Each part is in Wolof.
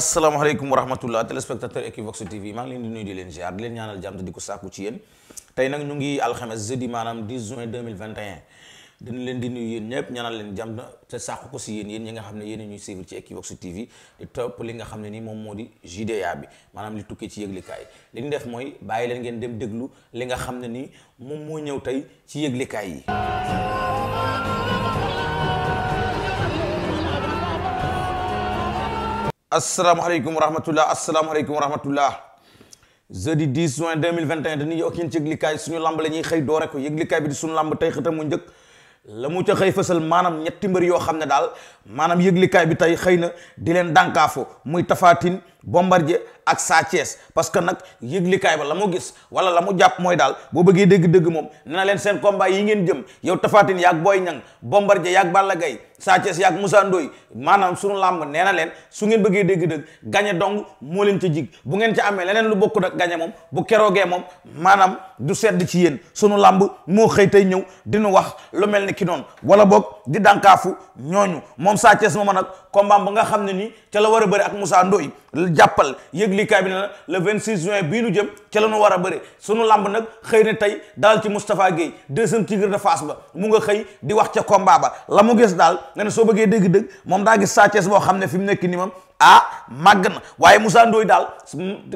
asalaamaaleykum wa rahmatullah téléspectateur Equivox TV maa ngi leen di nuyu di leen ziar di leen ñaanal jàmm te di ko sàkku ci yéen tey nag ñu ngi alxames jeudi maanaam 10 juin 2021 leen di nuy yéen ñëpp ñaanal leen jam te sàkku ko si yéen yéen ñi nga xam ne yéen ñuy suivre ci Equivox TV di topp li nga xam ne ni moom moo di JDA bi maanaam li tukkee ci yëglikaay li ñu def mooy bàyyi leen ngeen dem déglu li nga xam ne nii moom moo ñëw tey ci yëglikaay yi asalaamaaleykum wa rahmatulah asalaamaaleykum wa rahmatulah jeudi 10 juin 2021 dañuy yokk yéen ci yëglikaay suñu lamb la ñuy xëy doore ko yëglikaay bi di suñu lamb tey xëtam mu njëkk la mu ca xëy fasal maanaam ñetti mbër yoo xam ne daal maanaam yëglikaay bi tey xëy na di leen dànkaafoo muy tafaatin bombar Bombardier ak Sa parce que nag yëglikaay ba la mu gis wala la mu jàpp mooy daal boo bëggee dégg-dëgg moom nee na leen seen combat yi ngeen jëm yow Tapha Tine yaag Boy Niang Bombardier yaag Balla Gaye Sa Thiès yaag Moussa Ndoye maanaam sunu làmb nee na leen su ngeen bëggee dégg-dëgg gañe dong moo leen ca jig bu ngeen ca amee leneen lu bokkut ak gañe moom bu keroogee moom maanaam du sedd ci yéen sunu làmb moo xëy tey ñëw dinu wax lu mel ni ki noonu wala boog di dànkaafu ñooñu moom Sa Thiès mooma nag combat ba nga xam a yëglikaay bi ne la le 26 juin bii nu jëm ca la nu war a bëri sunu lamb nag xëy na tey dalal ci Moustapha Guèye deuxième tigre de Fass ba mu nga xëy di wax ca combat ba la mu gis daal ne na soo bëggee dégg-dëgg moom daa gis Sa Thiès boo xam ne fi mu nekk ni moom ah màgg na waaye Moussa Ndoye daal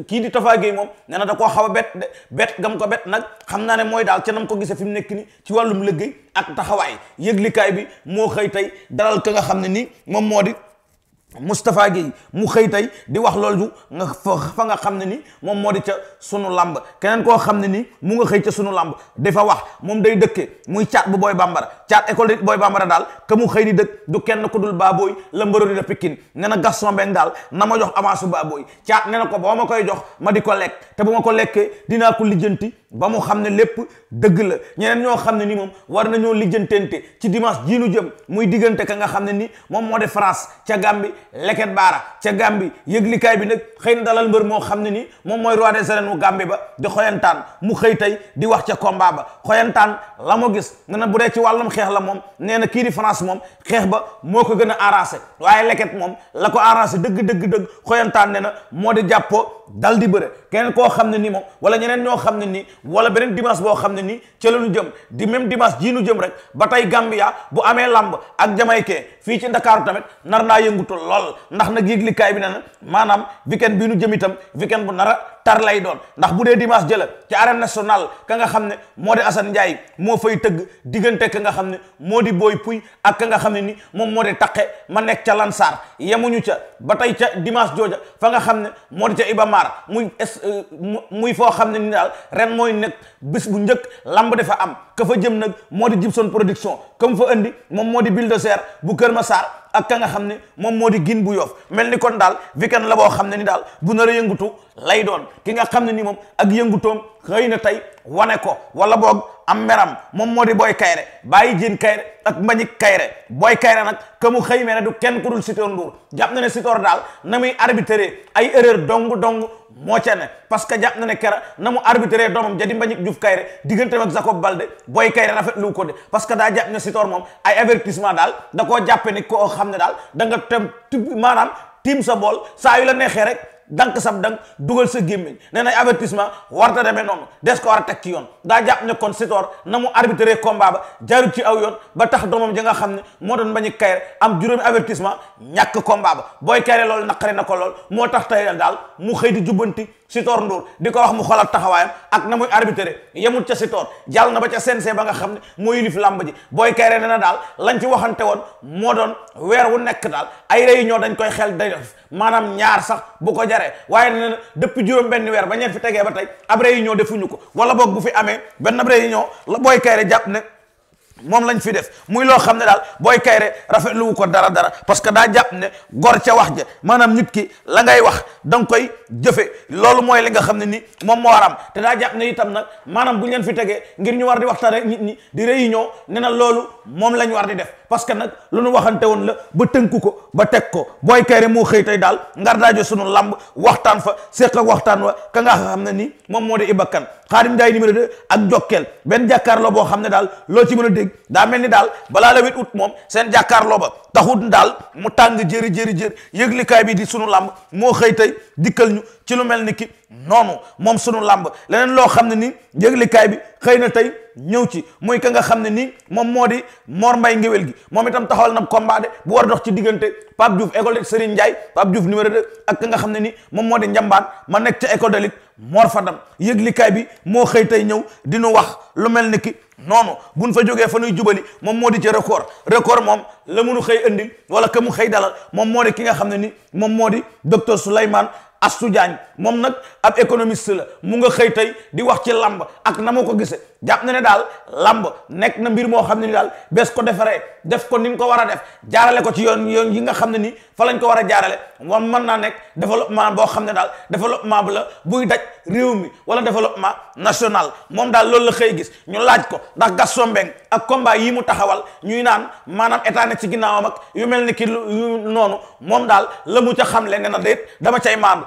kii di Tafa Gueye moom nee na da koo xaw a bet bet gam ko bet nag xam naa ne mooy daal ca nam ko gisee fi mu nekk ni ci wàllum liggéey ak taxawaay yëglikaay bi moo xëy tey dalal ka nga xam ne ni moom moo Moustapha Guèye mu xëy tey di wax loolu nga fa nga xam ne ni moom moo di ca sunu làmb keneen koo xam ne ni mu nga xëy ca sunu làmb dafa wax moom day dëkke muy caat bu booy bambara caat école booy bambara daal ka mu xëy di dëkk du kenn ku dul baabooy la mbëru di da Pikine ne na Gaston Mbengue daal na ma jox avance bu baabooy caat ne na ko boo ma koy jox ma di ko lekk te bu ma ko lekkee dinaa ko lijjanti ba mu xam ne lépp dëgg la ñeneen ñoo xam ne ni moom war nañoo lijjantente ci dimanche ji nu jëm muy diggante ka nga xam ne ni moom moo de France ca Gàmbi leket baara ca Gàmbi yëglikaay bi nag xëy na dalal mbër moo xam ne ni moom mooy roi des arènes wu Gàmbi ba di xoyantaan mu xëy tey di wax ca combat ba xoyantaan la moo gis nga na bu dee ci wàllum xeex la moom nee na kiiri di France moom xeex ba moo ko gën a arrangé waaye leket moom la ko arrangé dëgg dëgg dëgg xoyantaan ne na moo di jàppoo dal di bëre keneen koo xam ne ni moom wala ñeneen ñoo xam ne nii wala beneen dimanche boo xam ne nii ca la ñu jëm di même dimanche jii nu jëm rek ba tey Gambia bu amee lamb ak jamaïcain fii ci Ndakaaru tamit nar naa yëngutu lool ndax nag yëglikaay bi ne na maanaam weekend bii nu jëm itam weekend bu nara tar lay doon ndax bu dee dimanche jëla ci arène nationale ka nga xam ne moo di Assane Ndiaye moo fay tëgg diggante ka nga xam ne moo di booy Pouy ak ka nga xam ne ni moom moo di taqe ma nekk ca Lansar yemuñu maar muy euh, muy foo xam ne ni daal ren mooy nekk bés bu njëkk lamb dafa am ka fa jëm nag moo di Jibson production comme fa andi moom moo di bulldozer bu Kër Massar ak ka nga xam ne moom moo di gin bu yof mel ni kon daal weekend la boo xam ne ni daal bu nar a yëngutu lay doon ki nga xam ne ni moom ak yëngutoom xëy na tey wane ko wala boog am meram moom moo di booy kayre bàyyi jén kayre ak mbañik kayre booy kayre nag ka xëy mere du kenn ku dul Sitor Ndour jàpp na ne Sitor daal na muy arbitré ay erreur dong dong moo ca ne parce que jàpp na ne kera na mu arbitré doomam jadi mbañik Diouf Kayre diggante ak Jacob Balde booy Kayre rafetlu ko de parce que daa jàpp ne Sitor moom ay avertissement daal da koo jàppee ni koo xam ne daal da nga tem maanaam tiim sa bool saa yu la neexee rek dank sam dank dugal sa gémmiñ nee na avertissement warta demee noonu des ko war a teg ci yoon daa jàpp ne kon Sitor na mu arbitré combat ba jaarut ci aw yoon ba tax doomam ja nga xam ne moo doon bañu kayre am juróomi avertissement ñàkk combat ba booy kayre loolu naqari na ko lool moo tax tey daal mu xëy di jubbanti Sitor Ndour di ko wax mu xoolaat taxawaayam ak na muy arbitré yemut ca Sitor jàll na ba ca CNG ba nga xam ne moo yilif làmb ji booy kayre ne na daal lañ ci waxante woon moo doon weer wu nekk daal ay réunion dañ koy xel day def maanaam ñaar sax bu ko jaree waaye nee dëpp depuis juróom benn weer ba ñeen fi tegee ba tey ab réunion defuñu ko wala boog bu fi amee benn ab réunion la booy kayre jàpp ne moom lañ fi def muy loo xam ne daal booy kayre rafetlu wu ko dara dara parce que daa jàpp ne gor ca wax ja maanaam nit ki la ngay wax da nga koy jëfe loolu mooy li nga xam ne ni moom moo war am te daa jàpp ne itam nag maanaam bu ñu leen fi tegee ngir ñu war di waxtaan nit ñi di réunion ne loolu moom la ñu war di def parce que nag lu waxante woon la ba tënku ko ba teg ko booy kayre moo xëy tey daal ngar daajo sunu lamb waxtaan fa seq ak waxtaan wa ka nga xam ne ni moom moo di Iba Kane Xaadim ak Jokkel benn jàkkaarloo boo xam ne daal loo ci mën a dégg ndaa mel ni daal balaa la huit août moom seen jàkkaarloo ba taxut daal mu tàng jëri jëri jëri yëglikaay bi di sunu làmb moo xëy tey dikkal ñu ci lu mel ni ki noonu moom sunu làmb leneen loo xam ne nii yëglikaay bi xëy na tey ñëw ci muy ka nga xam ne nii moom moo di Mor Mbay ngewel gi moom itam taxawal na combat de dox ci diggante Pape Diouf école de Serigne Ndiaye Pape Diouf numéro 2 ak ka nga xam ne nii moom moo di njambaan ma nekk ca école de lit Mor Fadam yëglikaay bi moo xëy tey ñëw di nu wax lu mel ni ki noonu buñ fa jógee fa nuy jubali moom moo di ci record record moom la munu xëy andil wala ka mu xëy dalal moom moo di ki nga xam ne ni moom moo di docteur Souleymane Astou Diagne moom nag ab économiste la mu nga xëy tey di wax ci làmb ak na ma ko gisee jàpp na ne daal lamb nekk na mbir moo xam ne ni daal bés ko defaree def ko ni nga ko war a def jaarale ko ci yoon yoon yi nga xam ne ni fa lañ ko war a jaarale moom mën naa nekk développement boo xam ne daal développement bu la buy daj réew mi wala développement national moom daal loolu la xëy gis ñu laaj ko ndax Gaston Mbengue ak combat yii mu taxawal ñuy naan maanaam état ne ci ginnaawam ak yu mel ni ki noonu moom daal la mu xam xamle ne na déet dama cay maandu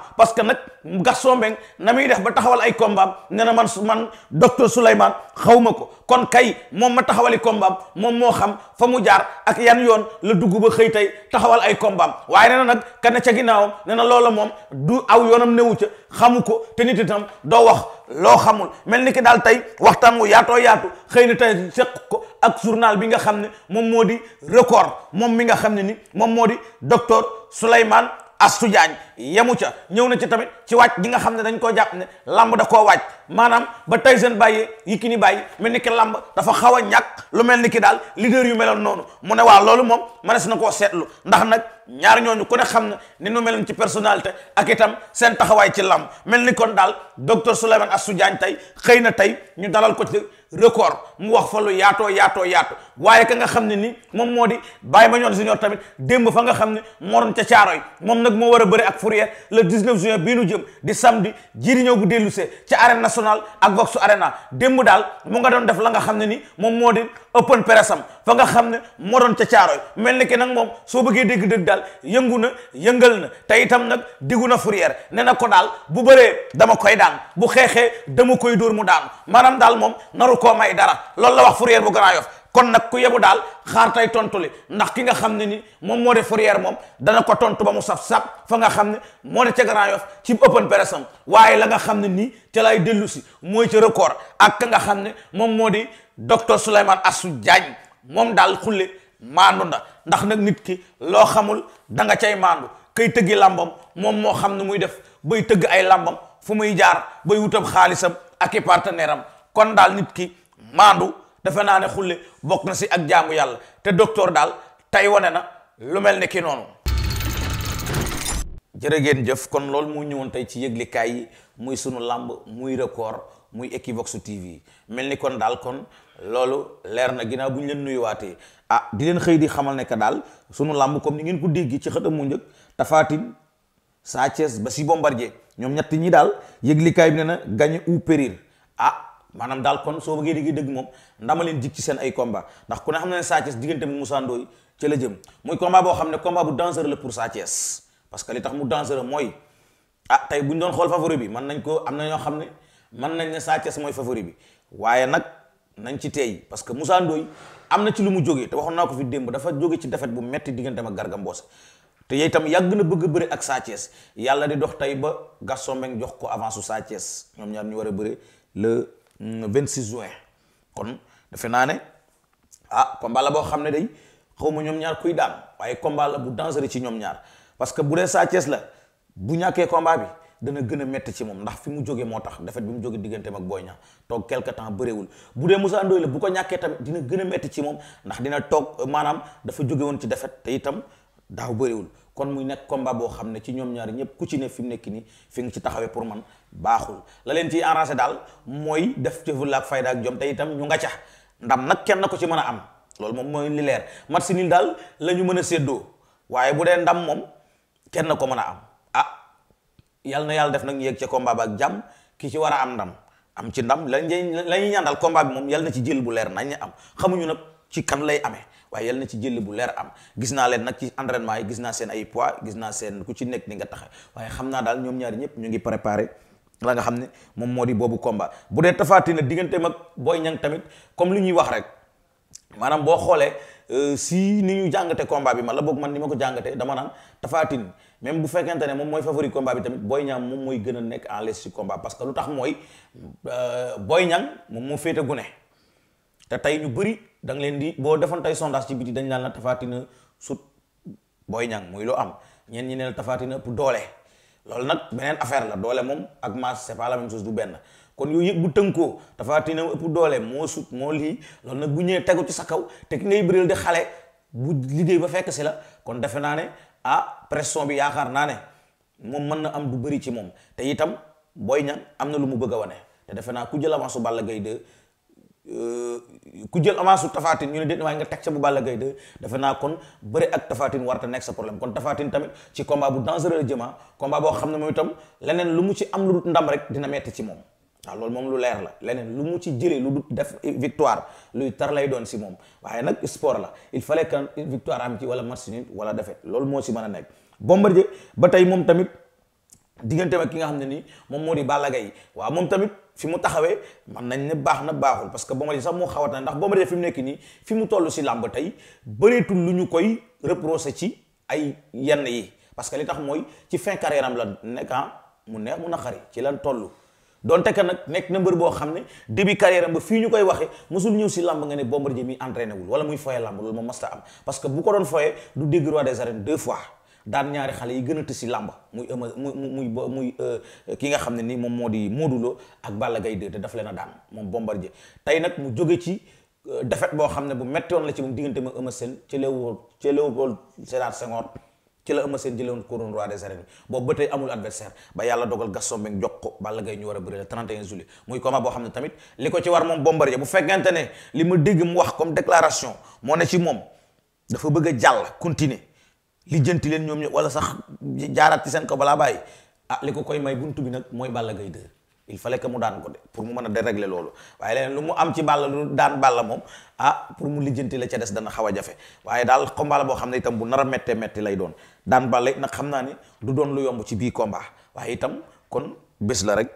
Gaston Mbengue na muy def ba taxawal ay combat ne na man man docteur Souleymane xaw ma ko kon kay moom ma taxawali combat moom moo xam fa mu jaar ak yan yoon la dugg ba xëy tey taxawal ay combat waaye nena nag ka ne ca ginnaawam nee na loola moom du aw yoonam newu ca xamu ko te nit itam doo wax loo xamul mel ni ki daal tey waxtaan wu yaatoo yaatu xëy na tay seq ko ak journal bi nga xam ne moom moo di record moom mi nga xam ne ni moom moo di docteur Souleymane Astou Diagne yemu ca ñëw na ci tamit ci wàcc gi nga xam ne dañ koo jàpp ne lamb da koo wàcc maanaam ba tey seen bàyyi yi ki ni bàyyi mel ni ki lamb dafa xaw a lu mel ni ki daal leader yu meloon noonu mu ne waa loolu moom mënees na koo seetlu ndax nag ñaar ñooñu ku ne xam ne ni nu meloon ci personnalité ak itam seen taxawaay ci mel ni kon daal docteur Souleymane Assou Diagne tey xëy na tey ñu dalal ko ci record mu wax fa lu yaatoo yaatoo yaatu waaye ka nga xam ne ni moom moo di bàyyi ma ñoon junior tamit démb fa nga xam ne moo Fourrière le 19 juin bii nu jëm di samedi jiriñoo bu dellusee ci arène nationale ak Voxu Arena démb daal mu nga doon def la nga xam ne ni moom moo di open pressam fa nga xam ne moo doon ca caaroy mel ni ki nag moom soo bëggee dégg dëgg daal yëngu na yëngal na te itam nag diggu na Fourrière ne na ko daal bu bëree dama koy daan bu xeexee dama koy dóor mu daan maanaam daal moom naru koo may dara loolu la wax Fourrière bu Grand Yoff kon nag ku yebu daal xaar tay tontu li ndax ki nga xam ne ni moom moo de fourrière moom dana ko tontu ba mu saf saf fa nga xam ne moo ne ca Grand Yoff ci open press am waaye la nga xam ne nii te lay dellu si mooy ca record ak ka nga xam ne moom moo di docteur Souleymane Assou Diagne moom daal xulle maandu na ndax nag nit ki loo xamul da nga cay maandu kay tëggi làmbam moom moo xam ne muy def bay tëgg ay làmbam fu muy jaar bay wutab xaalisam ak i partenaire am kon daal nit ki maandu dafa naa ne xulle bokk na si ak jaamu yàlla te docteur daal tey wane na lu mel ni ki noonu jërëgeen jëf kon loolu mu ñëwoon tey ci yëglikaay yi muy sunu làmb muy record muy Equivox TV mel ni kon daal kon loolu leer na ginnaaw bu ñu leen nuyuwaatee ah di leen xëy di xamal ne que daal sunu làmb comme ni ngeen ko dégg ci xëtam mu njëkk Tafatine Sathies ba si Bombardier ñoom ñett ñi daal yëglikaay bi ne na gagner ou périr ah maanaam daal kon soo bëggee dégg dëgg moom ndama leen jik ci seen ay combat ndax ku ne xam ne ne Sa Thiès diggante bi Moussa Ndoye ci la jëm muy combat boo xam ne combat bu dangereux la pour Sa Thiès parce que li tax mu dangereux mooy ah tey bu ñu doon xool favori bi mën nañ ko am na ñoo xam ne mën nañ ne Sa mooy favori bi waaye nag nañ ci teey parce que Moussa Ndoye am na ci lu mu jógee te waxoon naa ko fi démb dafa jóge ci defet bu metti digganteem ak Garga Mbossé te yooyu itam yàgg bëgg bëri ak Sa yàlla di dox tey ba Gaston Mbengue jox ko avance su ñoom ñaar ñu war a bëri le Mm, six juin kon defe naa ne ah combat la boo xam ne day xaw ma ñoom ñaar kuy daan waaye combat la bu dangereux ci ñoom ñaar parce que bu dee Sa Thiès la bu ñàkkee combat bi dana gën a métti ci moom ndax fi mu jógee moo tax defet bi mu jógee diggante ak Boy Niang toog quelque temps bëreewul bu dee Moussa Ndoye la bu ko ñàkkee tamit dina gën a métti ci moom ndax dina toog maanaam dafa jóge woon ci defet te itam daaw bëreewul kon muy nekk combat boo xam ne ci ñoom ñaar ñëpp ku ci ne fi mu nekk nii fi nga ci taxawee pour man baaxul la leen ciy arrangé daal mooy def ci fulla ak fayda ak jom te itam ñu nga ca ndam nag kenn ko ci mën a am loolu moom mooy li leer match si daal la ñu mën a séddoo waaye bu dee ndam moom kenn ko mën a am ah yal na yàlla def nag ñu yegg ca combat ba ak jàmm ki ci war a am ndam am ci ndam la ñuy la ñuy ñaan daal bi moom yal na ci jël bu leer nañ am xamuñu nag ci kan lay amee. waaye yal na ci jël bu leer am gis naa leen nag ci entraînement yi gis naa seen ay poids gis naa seen ku ci nekk ni nga tax waaye xam naa daal ñoom ñaari ñëpp ñu ngi préparé la nga xam ne moom moo di boobu komba bu dee tafaati na diggante mag booy Niang tamit comme lu ñuy wax rek maanaam boo xoolee euh, si ni ñu jàngate combat bi man la boog man ni ma ko jàngatee dama naan tafaatin même bu fekkente ne moom mooy favori komba bi tamit Boy Niang moom mooy gën a nekk en l'aise si combat parce que lu tax mooy euh, Boy moom moo féete da nga leen di boo defoon tey sondage ci biti dañ naan la tafaatina sut booy ñang muy loo am ñeen ñi ne la tafaatina ëpp doole loolu nag beneen affaire la doole moom ak masse c'est pas la même chose du benn kon yooyu yëpp bu tënkoo tafaatina ëpp doole moo sut moo lii loolu nag bu ñëwee tegu ci sa kaw te ki ngay bëreel di xale bu liggéey ba fekk si la kon defe naa ne ah pression bi yaakaar naa ne moom mën na am du bëri ci moom te itam booy ñang am na lu mu bëgg a wane defe naa ku jël avance su Balla Gaye ku jël avance su Tapha Tine ñu ne déet waaye nga teg ca bu Balla gay 2 defe naa kon bëre ak Tapha warta nekk sa problème kon Tapha Tine tamit ci combat bu dangereux la jëmaa ah, combat boo xam ne moom leneen lu mu ci am lu dut rek dina metti ci moom loolu moom lu leer la leneen lu mu ci jëlee lu dut def victoire luy lay doon si moom waaye nag sport la il fallait que une am ci wala match nul wala défaite loolu moo si mën a nekk Bombardier ba tey moom tamit diggante ak ki nga xam ne nii moom moo di Balla Gaye waaw moom tamit fi mu taxawee man nañ ne baax na baaxul parce que Bombardier sax moo xawat na ndax Bombardier fi mu nekk nii fi mu toll si làmb tey bëreetul lu ñu koy reproché ci ay yenn yi parce que li tax mooy ci fin carrière am la nekk ah mu neex na naqari ci lan toll donte que nag nekk na mbër boo xam ne début carrière am fii ñu koy waxee mosul ñëw si làmb nga ne Bombardier mi entraîné wul muy foye làmb loolu moom masta am parce bu ko doon foye du dégg roi des arènes fois daan ñaari xale yi gën a tësi làmb muy ëma muy muy muy euh, ki nga xam ne ni moom moo di Modou ak Balla Gaye 2 te dafa leen a daan moom Bombardier tey nag mu jóge ci euh, defet boo xam ne bu mettoon la ci moom diggante ma Eumeu Sène ci Léopold ci Léopold Sédar Senghor ci la Eumeu Sène jëlewoon couronne roi des arènes boobu ba tey amul adversaire ba yàlla dogal Gaston Mbengue jox ko Balla Gaye ñu war a bëri le 31 juillet muy boo xam ne tamit li ko ci war moom Bombardier bu fekkente ne li ma dégg mu wax comme déclaration moo ne ci moom dafa bëgg a jàll continuer lijjanti leen ñoom ño wala sax jaaraat ci seen ko balaa bàyyi ah li ko koy may bunt bi nag mooy Balla gay 2 il fa que mu daan ko de pour mu mën a dérégler loolu waaye leneen lu mu am ci Balla lu daan Balla moom ah pour mu lijjanti la ca des dana xaw a jafe waaye daal combat boo xam ne itam bu nar a méttee métti lay doon daan Balla nag xam naa ne du doon lu yomb ci biir komba waaye itam kon bés la rek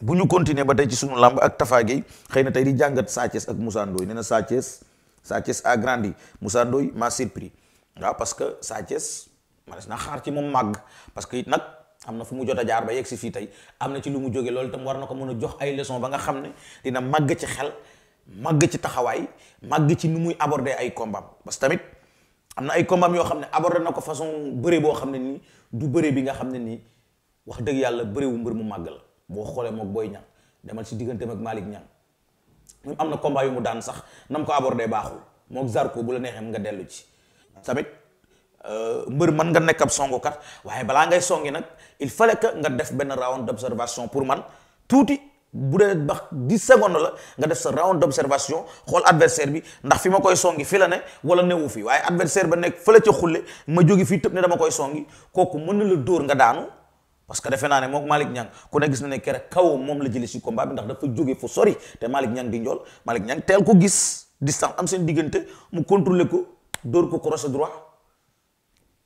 bu ñu continuer ba tey ci sunu làmb ak Tafa Gueye xëy na tey di jàngat Sa ak Moussa Ndoye nee na Sa Thiès Sa Thiès grandi Moussa m'a surpris waaw parce que Sa Thiès ma des na xaar ci moom màgg parce que it nag am na fu mu jot a jaar ba yegg si fii tey am na ci lu mu jóge loolu itam war na ko mën a jox ay leçon ba nga xam ne dina màgg ci xel màgg ci taxawaay màgg ci nu muy aborder ay kombaam parce que tamit am na ay kombaam yoo xam ne aborder na ko façon bëre boo xam ne nii du bëre bi nga xam ne nii wax dëgg yàlla bëre mbër mu màgg la boo xoolee moog booy ñang demal si digganteem ak Malick ñang même am na combat yu mu daan sax nam ko aborder baaxul moog Zarko bu la neexee nga dellu ci tamit euh, mbër man nga nekk songo kat waaye balaa ngay songi nag il fallait que nga def benn round d'observation pour man tuuti bu dee ba 10 secondes la nga def sa round d'observation xool adversaire bi ndax fi ma koy songi fi la ne wala newu fi waaye adversaire ba nekk fële ca xulle ma jóge fii tëb ne dama koy songi kooku mën na la dóor nga daanu parce que defe naa ne moom Malick Niang ku ne gis na ne kere kaw moom la jëlee si combat bi ndax dafa jóge fu sori te Malick Niang di njool Malick Niang teel ko gis distance am seen diggante mu contrôler ko dóor ko croisé droit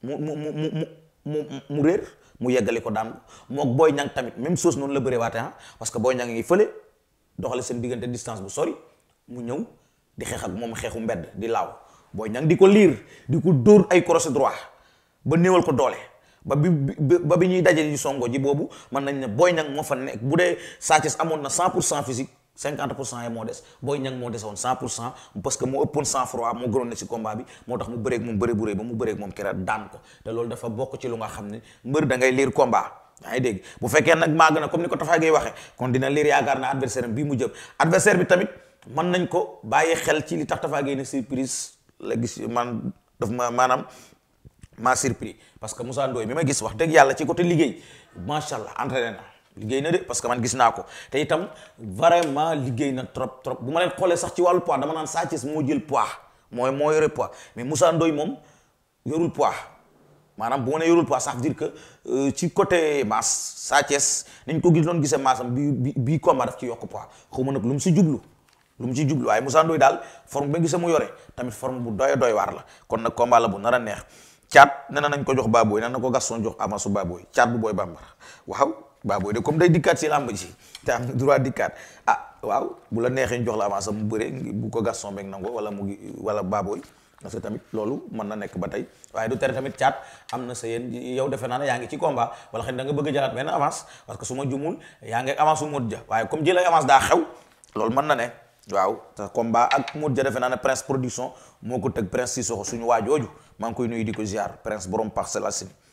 mu mu mu mu mu mu réer mu yeggali ko daam mook Boy Niang tamit même chose noonu la bëree waate ah, parce que Boy Niang ngi fële seen diggante distance bu sori mu ñëw di xeex moom xeexu mbedd di laaw Boy Niang di ko liir di ko dóor ay croisé ba néewal ko doole ba bi bi ñuy daje ji songo ji boobu mën nañ ne Boy Niang moo fa nekk bu dee Sa Thiès amoon na 100 pour cent physique cinquante pour cent yi moo des Boy Niang moo desewoon cent pour cent parce que moo ëppoon sang froid moo gënoon ne ci combat bi moo tax mu bëreeg moom bëre bu rëy ba mu bëreeg ko te loolu dafa bokk lu nga xam ne mbër da liir combat yaa ngi dégg bu fekkee nag màgg na comme ni ko Tafa Gueye waxee kon liir yaakaar na adversaire bi mu jëm adversaire bi tamit mën nañ ko bàyyi xel ci li tax Tafa Gueye ne surprise la gis man daf ma maanaam ma surpris parce que Moussa Ndoye bi ma gis wax dëgg yàlla ci côté liggéey macha allah entraîné na liggéey na de parce que man gis naa ko te itam vraiment liggéey na trop trop bu ma leen xoolee sax ci wàllu poids dama naan Sa Thiès moo jël poids mooy moo yore pois mais Moussa moom yorul poids maanaam bu yorul poids ça veut que euh, ci côté masse Sa Thiès nañ ko gis doon gisee bi bi bii combat daf ci yokk poids xaw ma lu mu si jublu lu mu ci jublu waaye Moussa Ndoye daal forme ba gisee mu yore tamit forme bu doy doy waar la kon nag combat la bu nar a neex caat nee na nañ ko jox baabooy nee na ko Gaston jox su baabooy caat bu booy bambara waaw. baaboo de comme day dikkaat si làmb ji te am droit dikkaat ah waaw bu la neexee jox la avance mu bëree bu ko Gaston Mbengue nango wala mu wala baabooy parce que tamit loolu mën na nekk ba tey waaye du tere tamit caat am na sa yéen yow defe naa ne yaa ngi ci combat wala xam ne nga bëgg a jëlaat benn avance parce que su ma jumul yaa ngi avance su Modou Dia waaye comme jëlay avance daa xew loolu mën na ne waaw te combat ak Modou Dia defe naa ne Prince Production moo ko teg Prince Sissoko suñu waajooju maa ngi koy nuyu di ko ziar Prince borom Parcelles Assainies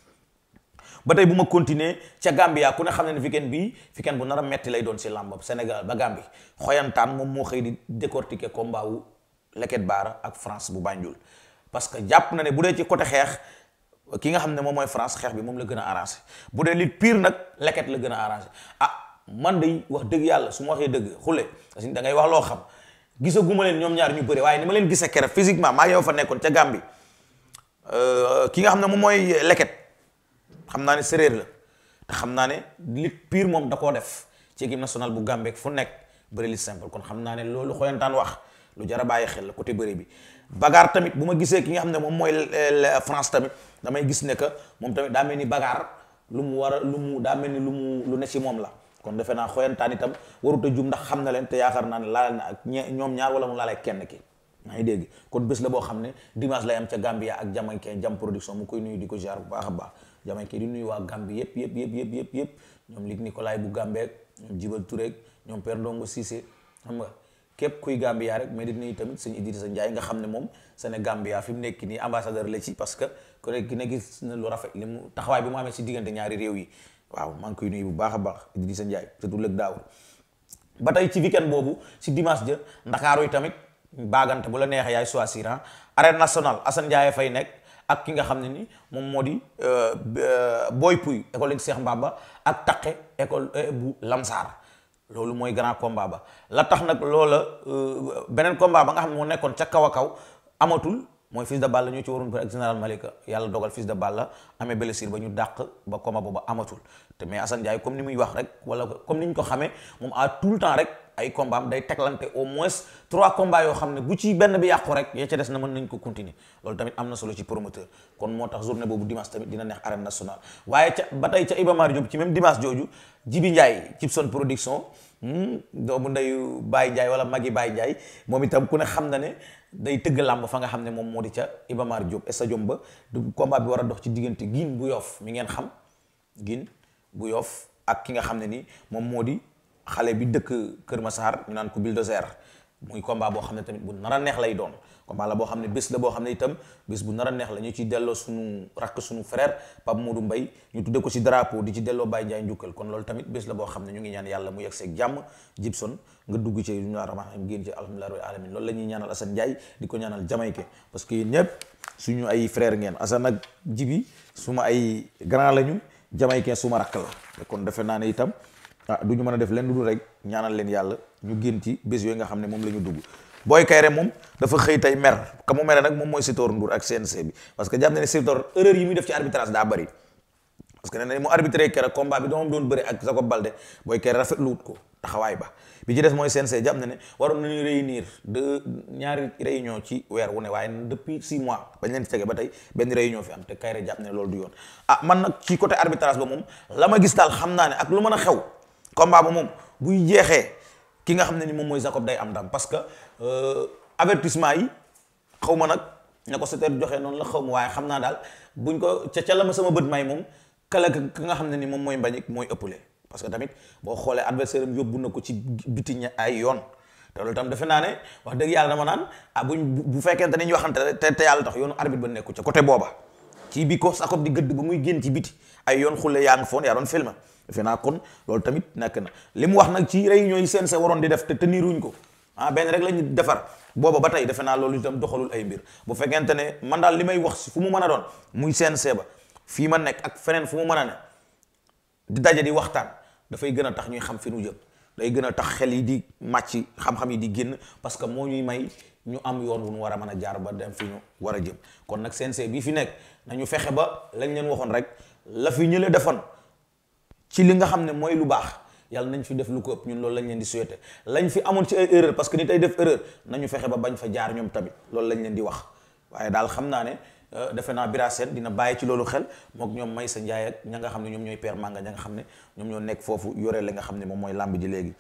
ba tey bu ma continuer ca Gambia ku ne xam ne ne weekend bi weekend bu nar a metti lay doon si làmb Sénégal ba Gambie xoyantaan moom moo xëy di décortiquer combat wu Leket Baara ak France bu Banjul parce que jàpp na ne bu dee ci côté xeex ki nga xam ne moom mooy France xeex bi moom la gën a arrangé bu dee lutte pure Leket la gën a arrangé ah man day wax dëgg yàlla su ma waxee dëgg xule parce que da ngay wax loo xam gisaguma leen ñoom ñaar ñu bëre waaye ni ma leen gisee kere physiquement maa yow fa nekkoon ca euh, ki nga xam ne moom mooy Leket xam naa ne séréer la te xam naa ne li pire moom da koo def ci équipe nationale bu Gambie fu nekk bëri lu simple kon xam naa ne loolu xoyantaan wax lu jar bàyyi xel la côté bëri bi bagaar tamit bu ma gisee ki nga xam ne moom mooy euh, France tamit damay gis ne que moom tamit daa ni bagaar lu mu war a lu mu daa mel ni lu mu lu ne ci moom la kon defe naa xoyantaan warut a jum xam na leen te naa ne laale na ak ñoom ñaar wala mu kenn ki maa ngi dégg kon bés la boo xam ne dimanche lay am ca Gambia ak Jamaïcain Jam Production mu koy nuyu di ko jaar bu baax a baax Jamaïque di nuyu waa Gambie yëpp yëpp yëpp yëpp yëpp yëpp ñoom Luc Nicolaï bu Gambeek ñoom Djibal Touré ñoom Père Dongo Cissé xam nga képp kuy Gambia rek mais di nuyu tamit sëñ Idrissa Ndiaye nga xam ne moom Sénégal Gambia fi mu nekk nii ambassadeur la ci parce que ku nekk na gis na lu rafet li mu taxawaay bi mu amee si diggante ñaari réew yi waaw maa ngi koy nuyu bu baax a baax Idrissa te surtout lëg daaw ba tey ci weekend boobu si dimanche ja Ndakaaru yi tamit baagante bu la neexee yaay choisir ah. arène nationale Assane Ndiaye fay nekk ak ki nga xam ne ni moom moo di euh, Boy Pouy école Cheikh Mbaba ak Taqe école euh, bu Lamsar loolu mooy grand combat ba la tax nag loola euh, beneen combat ba nga xam ne moo nekkoon ca kaw a kaw amatul mooy fils de Balla ñoo ci waroon bëri ak général Malika yàlla dogal fils de Balla amee blessure ba ñu dàq ba combat booba amatul te mais Assane Ndiaye comme ni muy wax rek wala comme ni ñu ko xamee moom à tout temps rek. ay combat am day teglante au moins trois combats yoo xam ne bu ci benn bi yàqu rek yaa ca des na mën nañ ko continuer loolu tamit am na solo ci promoteur kon moo tax journée boobu dimanche tamit dina neex arène nationale waaye ca ba tey ca Iba Mar Diop ci même dimanche jooju Jibi Ndiaye Gibson production hmm, doomu ndeyu Baye Ndiaye wala magi Baye Ndiaye moom itam ku ne xam na ne day tëgg làmb fa nga xam ne moom moo di ca Iba Mar Diop ba du combat bi war a dox ci diggante Guine bu Yoff mi ngeen xam giin bu Yoff ak ki nga xam ne ni moom moo di xale bi dëkk Kër Massar ñu naan de bulldozer muy combat boo xam ne tamit bu nar a neex lay doon combat la boo xam ne bés la boo xam ne itam bés bu nara neex la ñu ci delloo suñu rakk suñu frère Pape Modou ñu tudde ko ci drapeau di ci delloo Baye Ndiaye njukkal kon loolu tamit bés la boo xam ne ñu ngi ñaan yàlla mu yegg seeg jàmm Gibson nga dugg ci ñu rahmaan génn ci alhamdulilah rabbil alamin loolu la ñuy ñaanal Assane Ndiaye ko ñaanal Jamaïque parce que yéen ñëpp ay frère ngeen Assane ak Jibi suma ay grand lañu Jamaïque suma rakk la kon defe naa ne itam ah du ñu mën a def leen lu dul rek ñaanal leen yàlla ñu génn bés yooyu nga xam ne moom la dugg Boy Kayre moom dafa xëy tey mer ka mu nag moom mooy Sitor Ndour ak CNC bi parce que jàpp na ne Sitor na mu arbitré de ñaari réunion ci weer wu ne waaye depuis six mois bañ leen tege ba tey benn réunion fi am te Kayre jàpp ne loolu du yoon ah man nag ci côté arbitrage ba moom la ma gis daal xam naa ne ak lu mën a xew combat ba moom buy jeexee ki nga xam ne ni moom mooy Jacob day am dam parce que euh, avertissement yi xaw ma nag ne ko seeteer joxe noonu la xaw ma waaye xam naa daal buñ ko ca ca la ma sama bët may moom kala ki nga xam ne ni moom mooy Mbagnick mooy ëppale parce que tamit boo xoolee adversaire am yóbbu na ko ci biti ña ay yoon te tam defe naa ne wax dëgg yàlla dama naan ah buñ bu fekkente ne ñu waxante te te yàlla tax yoonu arbitre ba nekku ca côté booba ci bi ko Jacob di gëdd ba muy génn biti ay yoon xulle yaa ngi foon yaa doon filma defe naa kon loolu tamit nekk na li mu wax nag ci réunion seen CNG waroon di def te teniruñ ko ah benn rek la ñu defar booba ba tey defe naa loolu itam doxalul ay mbir bu fekkente ne man daal li may wax fu mu mën a doon muy seen see ba fii ma nekk ak feneen fu mu mën a ne di daje di waxtaan dafay gën a tax ñuy xam fi nu jëm day gën a tax xel yi di màcc xam-xam yi di génn parce que moo ñuy may ñu am yoon wu ñu war a mën a jaar ba dem fi ñu war a jëm kon nag CNG bii fi nekk nañu fexe ba lañ leen waxoon rek la fi ñële defoon. ci li nga xam ne mooy lu baax yàlla nañ fi def lu ko ëpp ñun loolu lañ leen di souhaiter lañ fi amoon ci ay parce que nit ay def erreur nañu fexe ba bañ fa jaar ñoom tamit loolu lañ leen di wax waaye daal xam naa ne euh, defe naa Bira Sène dina bàyyi ci loolu xel mook ñoom may Maysa Ndiaye ak ña nga xam ne ñoom ñooy père Manga ña nga xam ne ñoom ñoo nekk foofu yore la nga xam ne moom mooy làmb ji léegi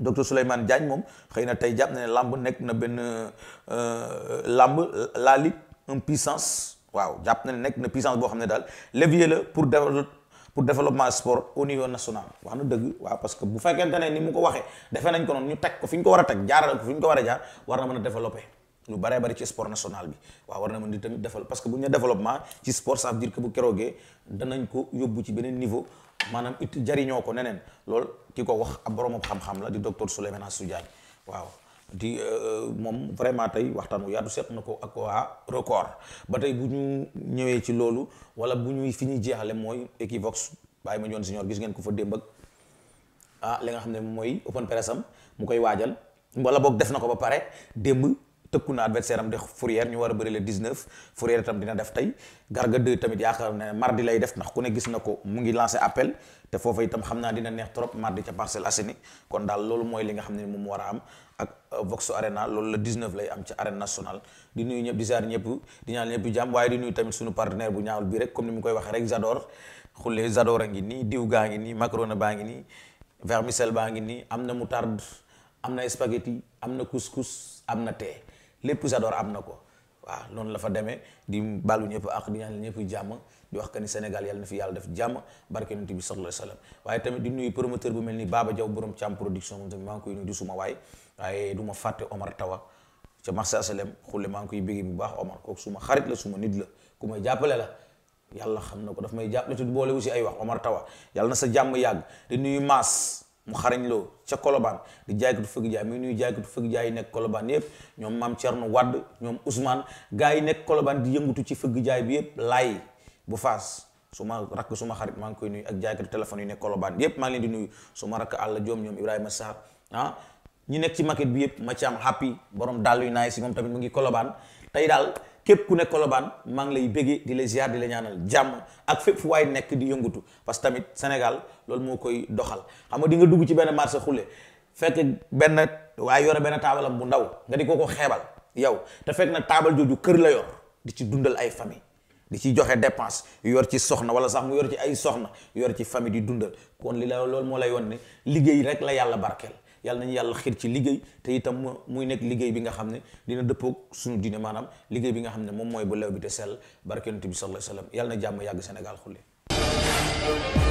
docteur Souleymane Diagne moom xëy na tey jàpp na ne làmb nekk na benn euh, làmb la lutte en puissance waaw jàpp na nekk na puissance boo xam ne daal pour développement sport au niveau national wax na dëgg waaw parce que bu fekkente ne ni mu ko waxee defee nañ ko noonu ñu teg ko fi ñu ko war a teg jaarale ko fi ñu ko war a jaar war na mën a développer lu baree bari ci sport national bi waaw war na mën di tamit defal parce que bu ñu ne ci sport ça veut dire que bu keroogee danañ ko yóbbu ci beneen niveau maanaam it jariñoo ko neneen lool ki ko wax ab boroomam xam-xam la di docteur Souleymane Assou di euh, moom vraiment tey waxtaan wu yaatu seet na ko ak waa record ba tey bu ñu ñëwee ci loolu wala bu ñuy fi ñuy jeexale mooy Equivox bàyyi ma joon senior gis ngeen ko fa démb ak ah, li nga xam ne mooy open press am mu koy waajal wala boog def na ko ba pare démb tëkku na adversaire am de Fourier ñu war a bëri le 19 Fourier itam dina def tey Garga 2 tamit yaakaar ne mardi lay def ndax ku ne gis na ko mu ngi lancé appel te foofa itam xam naa dina neex trop mardi ca Parcelles Assainies kon daal loolu mooy li nga xam ne moom war a am ak euh, Vox Arena loolu le 19 lay am ci arène national di nuyu ñëpp di ziar ñëpp di ñaan ñëpp jàmm waaye di nuyu tamit suñu partenaire bu ñaawul bi rek comme ni mu koy waxee rek Zador xulle Zador a ngi nii diw gaa ngi nii macaroni baa ngi nii vermicelle baa ngi nii am na moutarde am na spaghetti am na couscous am na thé lépp Zador am na ko waaw noonu la fa demee di baalu ñëpp ak di ñaan ñëpp jàmm di wax que ni Sénégal yàlla na fi yàlla def jàmm barke yonent bi sallallahu alayhi wa sallam waaye tamit di nuyu promoteur bu mel ni Baba Diaw borom Thiam production moom tamit maa ngi koy nuyu di suma waay waaye du ma fàtte Omar Tawa ca Marsa Salem xulle maa ngi koy bégee bu baax Omar kooku suma xarit la suma nit la ku may jàppale la yàlla xam na ko daf may jàppale te boole si ay wax Omar Tawa yàlla na sa jàmm yàgg di nuyu Maas. mu xarañ loo ca kolobaan di jaaykatu fëgg jaay mi nuy jaaykatu fëgg jaay yi nekk kolobaan yëpp ñoom maam Cerno Wadd ñoom usmaan gars yi nekk kolobaan di yëngutu ci fëgg jaay bi yëpp laay bu faas su ma rakk suma ma xarit maa ngi koy nuyu ak jaaykatu téléphone yi nekk kolobaan yëpp maa ngi leen di nuyu su ma rakk àll joom ñoom Ibrahima Sarr ah ñi nekk ci maquette bi yëpp ma ci happy borom dàll yu naay si moom tamit mu ngi kolobaan tey daal képp ku nekk Colobane maa ngi lay béggee di la ziar di la ñaanal jàmm ak fépp fu waay nekk di yëngutu parce que tamit Sénégal loolu moo koy doxal xam nga di nga dugg ci benn marché xule fekk benn waaye yore benn taabalam bu ndaw nga di ko ko xeebal yow te fekk na taabal jooju kër la yor di ci dundal ay famille di ci joxe dépense yor ci soxna wala sax mu yor ci ay soxna yor ci famille di dundal kon li la loolu moo lay won ne liggéey rek la yàlla barkeel yàlla nañu yàlla xir ci liggéey te itam muy nekk liggéey bi nga xam ne dina dëppoog suñu diine maanaam liggéey bi nga xam ne moom mooy bu lew bi te sell barke bi sallallahu alayhi wa sallam yàlla na jàmm yàgg Sénégal xulle